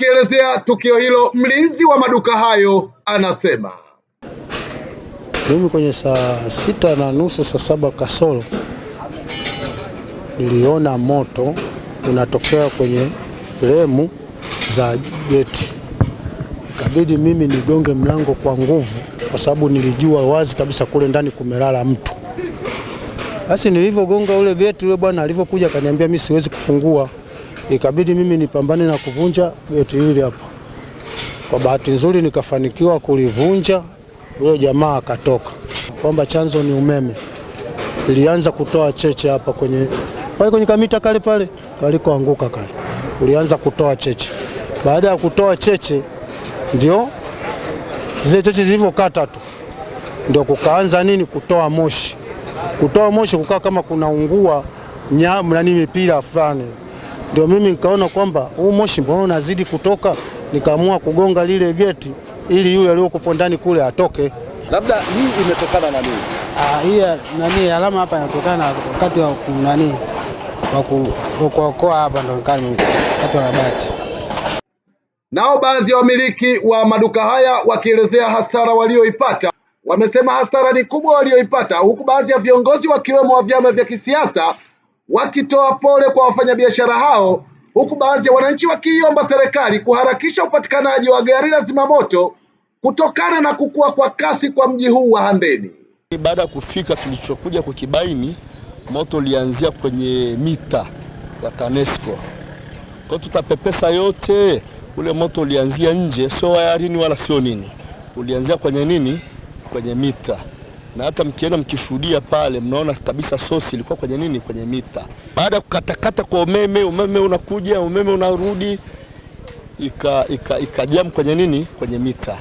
Akielezea tukio hilo, mlinzi wa maduka hayo anasema mimi kwenye saa sita na nusu, saa saba kasoro niliona moto unatokea kwenye fremu za geti, ikabidi mimi nigonge mlango kwa nguvu, kwa sababu nilijua wazi kabisa kule ndani kumelala mtu. Basi nilivyogonga ule geti, ule bwana alivyokuja akaniambia mimi siwezi kufungua ikabidi mimi nipambane na kuvunja geti hili hapa. Kwa bahati nzuri nikafanikiwa kulivunja, huyo jamaa akatoka, kwamba chanzo ni umeme. Ilianza kutoa cheche hapa kwenye pale kwenye kamita kale pale kalikoanguka kale, ulianza kutoa cheche. Baada ya kutoa cheche, ndio zile cheche zilivyokata tu, ndio kukaanza nini, kutoa moshi, kutoa moshi, kukaa kama kunaungua nyama na nini, mipira fulani ndio mimi nikaona kwamba huu moshi mbona unazidi kutoka, nikaamua kugonga lile geti ili yule aliyokupo ndani kule atoke. Labda hii imetokana na nini? Ah, hii nani alama hapa inatokana wakati wa nani wa kuokoa hapa ndo kati wa bati. Nao baadhi ya wamiliki wa maduka haya wakielezea hasara walioipata wamesema hasara ni kubwa walioipata, huku baadhi ya viongozi wakiwemo wa vyama vya kisiasa wakitoa pole kwa wafanyabiashara hao, huku baadhi ya wananchi wakiiomba serikali kuharakisha upatikanaji wa gari la zimamoto kutokana na kukua kwa kasi kwa mji huu wa Handeni. Baada ya kufika, tulichokuja kukibaini moto ulianzia kwenye mita ya TANESCO. Kwa tutapepesa yote, ule moto ulianzia nje, sio wayarini wala sio nini, ulianzia kwenye nini, kwenye mita na hata mkienda mkishuhudia pale mnaona kabisa sosi ilikuwa kwenye nini, kwenye mita. Baada ya kukatakata kwa umeme, umeme unakuja, umeme unarudi, ika, ika, kwenye nini, kwenye mita.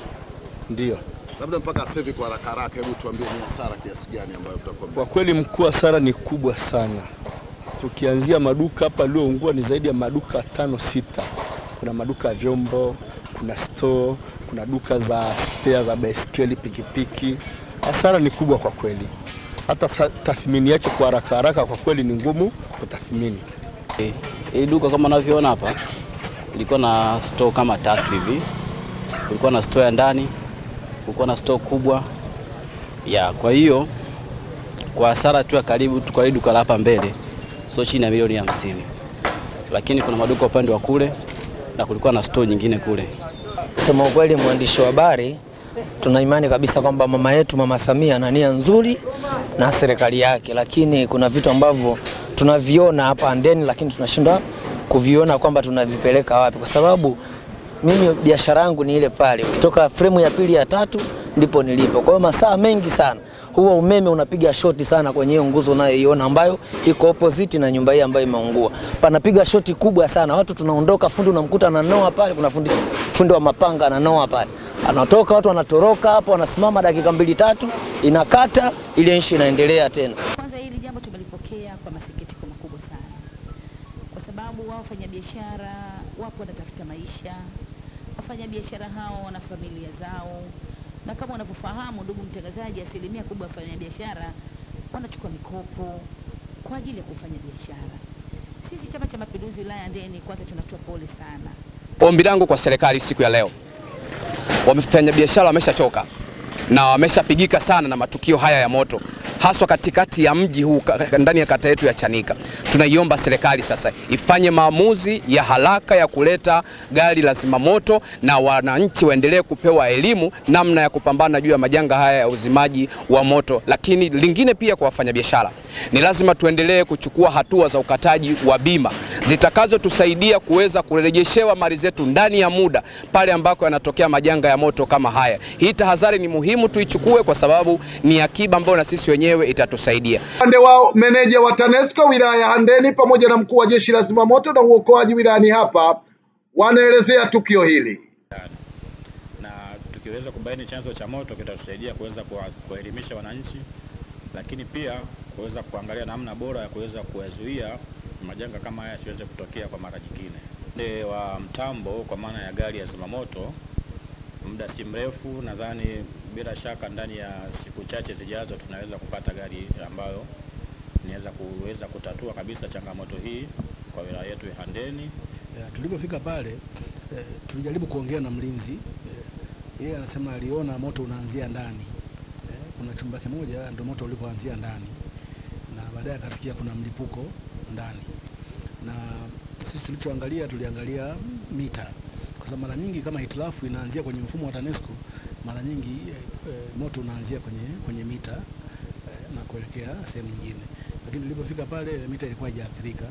Ndio labda mpaka sasa hivi kwa haraka haraka, hebu tuambie ni hasara kiasi gani ambayo tutakuwa. Kwa kweli mkuu, hasara ni kubwa sana, tukianzia maduka hapa yaliyoungua ni zaidi ya maduka tano sita. Kuna maduka ya vyombo, kuna store, kuna duka za spare za baiskeli, pikipiki hasara ni kubwa kwa kweli, hata tathmini yake kwa haraka haraka kwa kweli ni ngumu kutathmini. hii e, duka kama unavyoona hapa ilikuwa na store kama tatu hivi, kulikuwa na store ya ndani, kulikuwa na store kubwa ya, kwa hiyo kwa hasara tu ya karibu kwa hii duka la hapa mbele sio chini ya milioni hamsini, lakini kuna maduka upande wa kule na kulikuwa na store nyingine kule. Kusema ukweli, mwandishi wa habari tuna imani kabisa kwamba mama yetu Mama Samia ana nia nzuri na serikali yake, lakini kuna vitu ambavyo tunaviona hapa ndani, lakini tunashindwa kuviona kwamba tunavipeleka wapi, kwa sababu mimi biashara yangu ni ile pale, ukitoka fremu ya pili ya tatu ndipo nilipo. Kwa hiyo masaa mengi sana huwa umeme unapiga shoti sana kwenye hiyo nguzo unayoiona ambayo iko opposite na nyumba hii ambayo imeungua, panapiga shoti kubwa sana. Watu tunaondoka, fundi unamkuta ananoa pale, kuna fundi, fundi wa mapanga ananoa pale anatoka, watu wanatoroka hapo, wanasimama dakika mbili tatu, inakata ile nchi inaendelea tena. Kwanza hili jambo tumelipokea kwa masikitiko makubwa sana, kwa sababu wao wafanyabiashara wapo wanatafuta maisha, wafanyabiashara hao wana familia zao, na kama unavyofahamu ndugu mtangazaji, asilimia kubwa ya wafanyabiashara wanachukua mikopo kwa ajili ya kufanya biashara. Sisi Chama cha Mapinduzi wilaya ya Handeni, kwanza tunatoa pole sana. Ombi langu kwa serikali siku ya leo wafanyabiashara wameshachoka na wameshapigika sana na matukio haya ya moto haswa katikati ya mji huu ndani ya kata yetu ya Chanika. Tunaiomba serikali sasa ifanye maamuzi ya haraka ya kuleta gari la zimamoto na wananchi waendelee kupewa elimu namna ya kupambana juu ya majanga haya ya uzimaji wa moto. Lakini lingine pia kwa wafanyabiashara, ni lazima tuendelee kuchukua hatua za ukataji wa bima zitakazotusaidia kuweza kurejeshewa mali zetu ndani ya muda pale ambako yanatokea majanga ya moto kama haya. Hii tahadhari ni muhimu tuichukue, kwa sababu ni akiba ambayo na sisi wenyewe yenyewe itatusaidia. Upande wao meneja wa TANESCO wilaya ya Handeni pamoja na mkuu wa jeshi la zimamoto na uokoaji wilayani hapa wanaelezea tukio hili na tukiweza kubaini chanzo cha moto kitatusaidia kuweza kuwaelimisha wananchi, lakini pia kuweza kuangalia namna bora ya kuweza kuwazuia majanga kama haya yasiweze kutokea kwa mara nyingine. Upande wa mtambo kwa maana ya gari ya zimamoto muda si mrefu, nadhani bila shaka ndani ya siku chache zijazo tunaweza kupata gari ambayo inaweza kuweza kutatua kabisa changamoto hii kwa wilaya yetu ya Handeni. Yeah, tulipofika pale eh, tulijaribu kuongea na mlinzi eh, yeye yeah, anasema aliona moto unaanzia ndani yeah, kuna chumba kimoja ndio moto ulipoanzia ndani na baadaye akasikia kuna mlipuko ndani, na sisi tulichoangalia tuliangalia mita kwa mara nyingi kama hitilafu inaanzia kwenye mfumo wa TANESCO, mara nyingi e, moto unaanzia kwenye, kwenye mita e, na kuelekea sehemu nyingine, lakini ilipofika pale mita ilikuwa haijaathirika.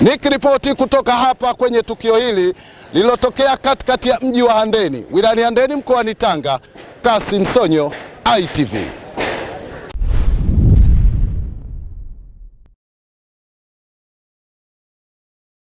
Nikiripoti kutoka hapa kwenye tukio hili lililotokea katikati ya mji wa Handeni wilayani Handeni mkoani Tanga, Kasim Sonyo, ITV.